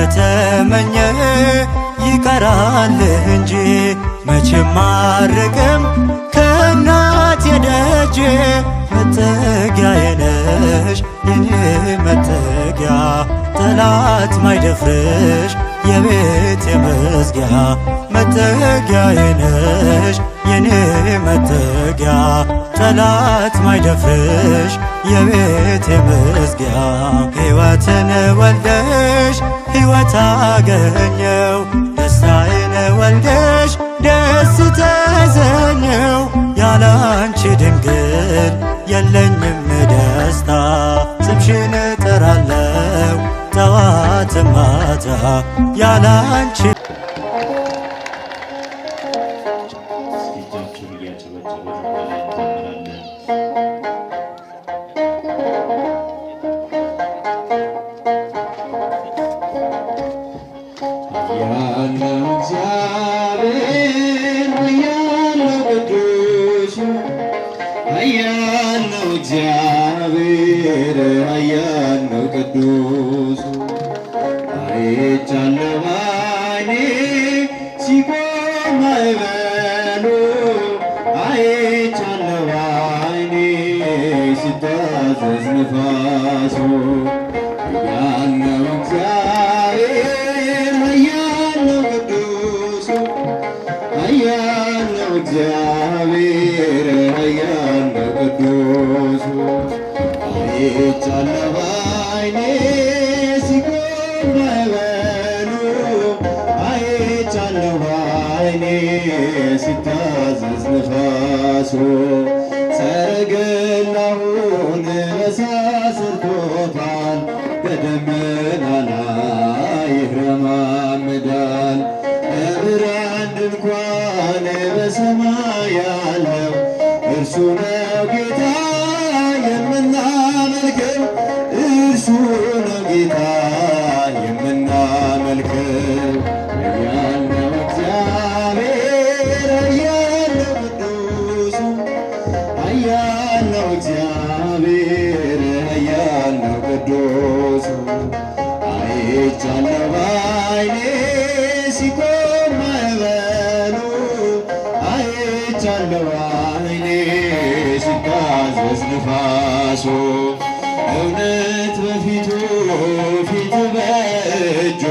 እንደተመኘ ይቀራል እንጂ መቼም አርቅም ከእናት የደጅ መጠጊያ የነሽ የኔ መጠጊያ ጠላት ማይደፍርሽ የቤት የመዝጊያ መጠጊያ የነሽ የኔ መጠጊያ ጠላት ማይደፍርሽ የቤት የመዝጊያ ሕይወትን ወልደሽ ሕይወት አገኘው ደስታዬን ወልደሽ ደስ ተዘኘው ያለ አንቺ ድንግል የለኝም ደስታ ስምሽን እጠራለው ጠዋት ማታ ያለ አንቺ ኃያል ነው ቅዱስ አይቻለሁ አይኔ ሲታዘዝ ነፋሱ ሰረገላውን መሳሰርቶታል በደመና ላይ ይረማመዳል በብርሃን ድንኳን በሰማይ ያለው እርሱ ነው ጌታ ቅዱሱ አይቻለሁ ባይኔ ሲቆም ማዕበሉ አይቻለሁ ባይኔ ሲታዘዝ ንፋሱ እውነት በፊቱ ፊት በእጁ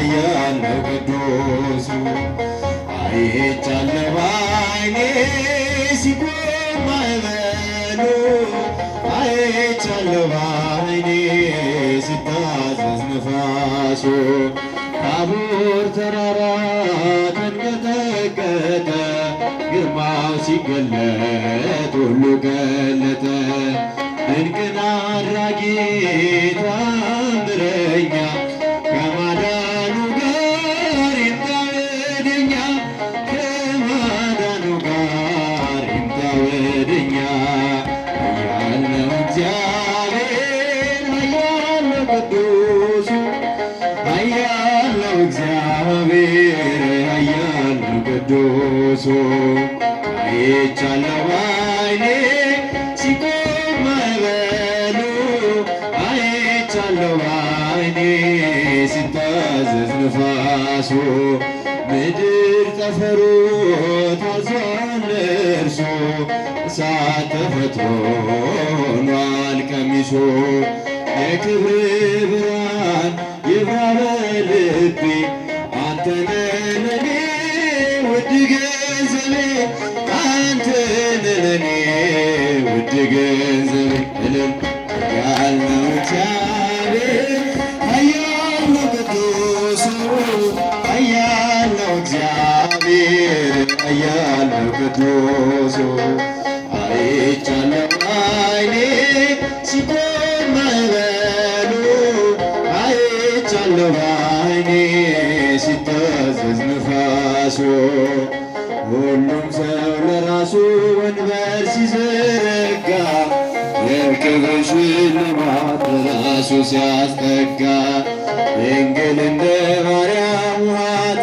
አያለው ቅዱሱ አይቻለ ባይኔ ሲቆም ማዕበሉ አይቻለ ባይኔ ሲታዘዝ ነፋሱ ታቦር ተራራ ገለጥ ሁሉ ገለጠ ድንቅን አድራጊ ታምረኛ ከማዳኑ ጋር ይምጣወደኛ ከማዳኑ ጋር ይምጣወደኛ ያለው እግዚአብሔር ያለው ቅዱስ ያለው እግዚአብሔር ያለው ቅዱሱ። ይቻለው ንፋሱ ምድር ጠፈሩ ታዟል እርሱ እሳት ሆኗል ቀሚሱ የክብር ብርሃን ይብራ በልቤ አንተነ ገንዘብ እግዚአብሔር ኃያል ነው ቅዱስ ኃያል ነው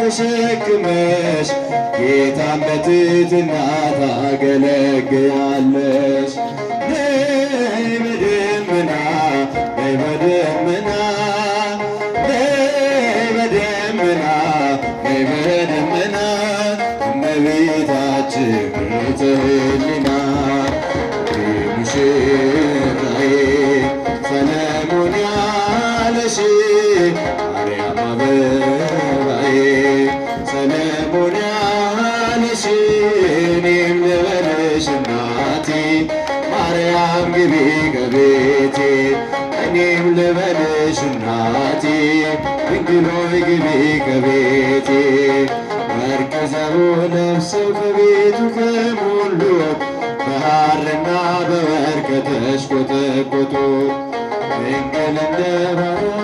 ተሸክመሽ ጌታን በትህትና ታገለግያለሽ። ነይ በደመና ነይ በደመና ነይ በደመና ነይ በደመና እመቤታችን ቤተ ሕሊና ግቢ ከቤቴ እኔም ልበልሽ እናቴ ድንግል ሆይ ግቢ ከቤቴ ወርቀ ዘቦ ለብሰው ከቤቱ ከሞሉ በሐርና በወርቅ ተሽቆጠቆጡ ድንግል እንደ ባሪያ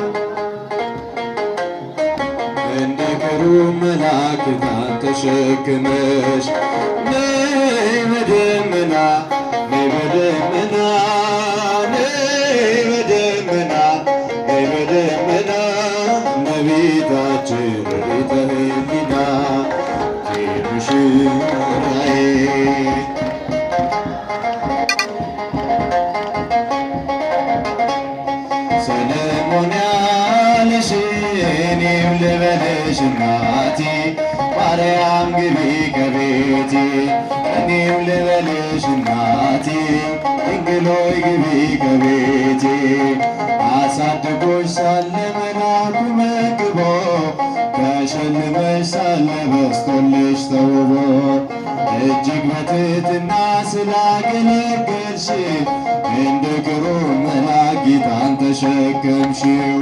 እንደ ክሩብ መላእክት ተሸክመሽ ቤቴ እኔም ልበልሽ እናቴ ድንግል ሆይ ግቢ ከቤቴ አሳድጎሽ ሳለ መላኩ መግቦ ተሸልመሽ ሳለ በስቶልሽ ተውቦ እጅግ በትህትና ስላገለገልሽ እንደ ክሩር መልአክ ጌታን ተሸከምሽው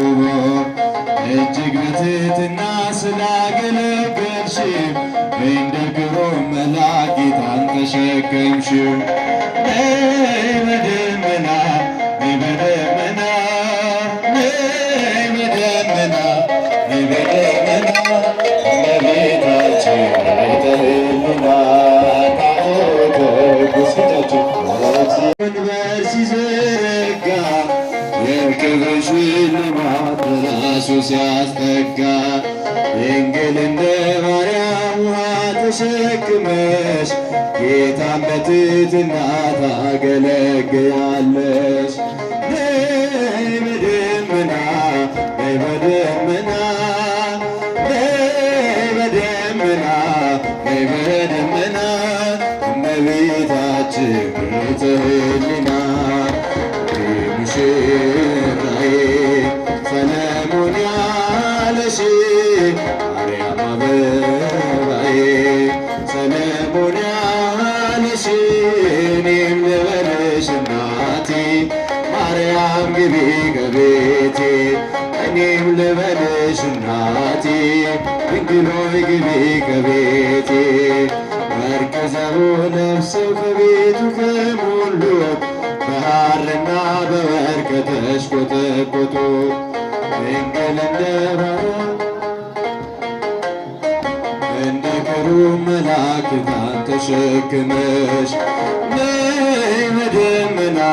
በትህትና ስላገለገልሽ እንደግሮ መላጌታን ጌታን ተሸከምሽው በደመና በደመና መንበር ሲዘረጋ የክብርሽ ልማት ኢየሱስ ያስጠጋ ድንግል እንደ ማርያም ውሃ ተሸክመሽ ጌታን በትህትና ታገለግያል ከዘሩ ነፍሰው ከቤቱ ከሞሉ በሐርና በወርቅ ተሽቆጠቆጡ ድንግል እንደ ግሩም መልአክ ተሸክመሽ ነይ በደመና